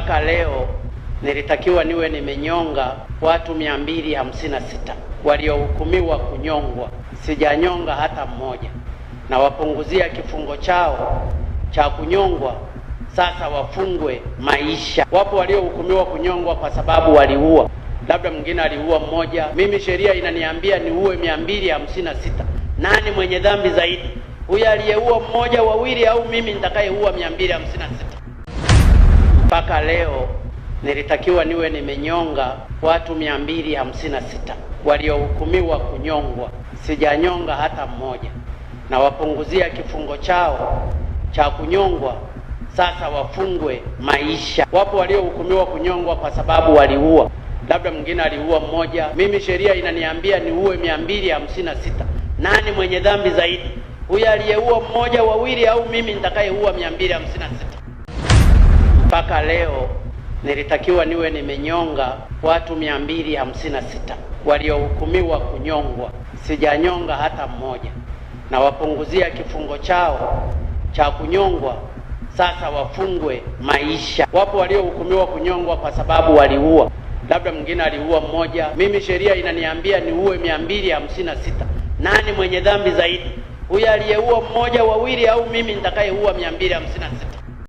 mpaka leo nilitakiwa niwe nimenyonga watu mia mbili hamsini na sita waliohukumiwa kunyongwa, sijanyonga hata mmoja. Nawapunguzia kifungo chao cha kunyongwa, sasa wafungwe maisha. Wapo waliohukumiwa kunyongwa kwa sababu waliua, labda mwingine aliua mmoja. Mimi sheria inaniambia niue mia mbili hamsini na sita. Nani mwenye dhambi zaidi, huyo aliyeua mmoja, wawili, au mimi nitakayeua mia mbili hamsini na sita? mpaka leo nilitakiwa niwe nimenyonga watu mia mbili hamsini na sita waliohukumiwa kunyongwa, sijanyonga hata mmoja. Nawapunguzia kifungo chao cha kunyongwa, sasa wafungwe maisha. Wapo waliohukumiwa kunyongwa kwa sababu waliua, labda mwingine aliua mmoja. Mimi sheria inaniambia niue mia mbili hamsini na sita. Nani mwenye dhambi zaidi, huyo aliyeua mmoja, wawili, au mimi nitakayeua mia mbili hamsini na sita? mpaka leo nilitakiwa niwe nimenyonga watu mia mbili hamsini na sita waliohukumiwa kunyongwa, sijanyonga hata mmoja, na wapunguzia kifungo chao cha kunyongwa sasa wafungwe maisha. Wapo waliohukumiwa kunyongwa kwa sababu waliua, labda mwingine aliua mmoja. Mimi sheria inaniambia niue mia mbili hamsini na sita. Nani mwenye dhambi zaidi, huyo aliyeua mmoja, wawili, au mimi nitakayeua mia mbili hamsini na sita?